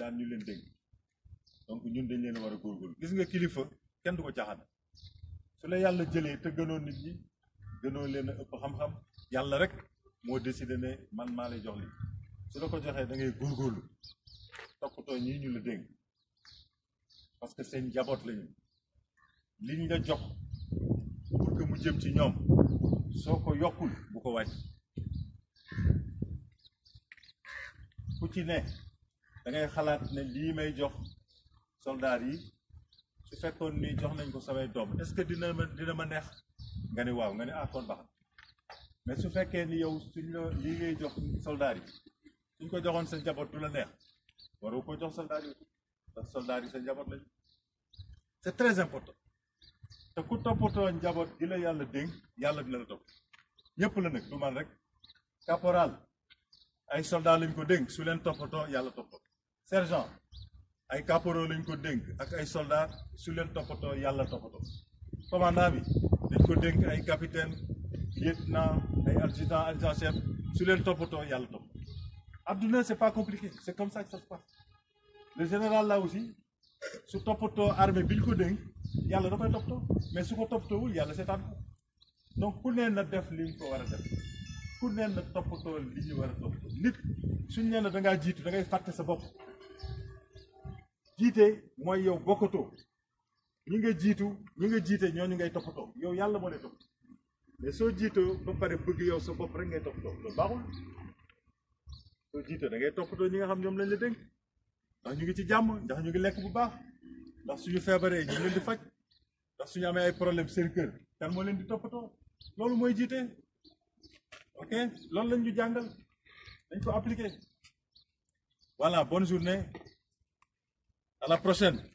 daan ñu leen dégg donc ñun dañ leen war a góorgóorlu gis nga kilifa kenn du ko caaxaan su la yàlla jëlee te gënoon nit ñi gënoo leen ëpp xam-xam yàlla rek moo décidé ne man maa lay jox li su la ko joxee da ngay góorgóorlu toppatoo ñii ñu la dénk parce que seen njaboot lañu liñ la jox pour que mu jëm ci ñoom soo ko yokkul bu ko wàcc ku ci ne da ngay xalaat ne lii may jox soldaar yi su fekkoon ni jox nañ ko samay doom est-ce que dina ma dina ma neex nga ni waaw nga ni akoon ah, baax mais su fekkee ni yow suñ la lii ngay jox soldaar yi suñ ko joxoon sa njaboot du la neex waroo ko jox soldaar yi sa njaboot lañ c'est très important te ku toppatoo njaboot gi la yàlla dénk yàlla dina la topp ñëpp la nag du man rek caporal ay soldat lañ ko dénk su leen toppatoo yàlla toppatoo sergent ay caporaux lañ ko dénk ak ay soldats su leen toppatoo yàlla topoto. commandant bi dañ ko dénk ay capitaine lieutenant ay adjudant adjudant chef su leen toppatoo yàlla toppatoo adduna c'est pas compliqué c'est comme ça que ça se passe le général là aussi su topoto armée bi ñu ko dénk yàlla da koy toppatoo mais su ko toppatoowul yàlla seetaan ko donc ku neen na def li ko war a def ku neen na toppatoo li ñu war a toppatoo nit suñu nee da ngaa jiitu da ngay fàtte sa bopp jiite mooy yow bokkatoo ñi nga jiitu ñi nga jiite ñooñu ngay toppatoo yow yàlla moo lay toppatoo mais soo jiitoo ba pare bëgg yow sa bopp rek ngay toppatoo loolu baaxul soo jiitoo da ñi nga xam ñoom lañ la dénk ñu ngi ci jàmm ndax ñu ngi lekk bu baax ndax suñu feebaree ñu leen di faj ndax suñu amee seen kër kan moo loolu mooy jiite ok loolu lañ ñu jàngal dañ ko appliqué voilà bonne journée Até a próxima.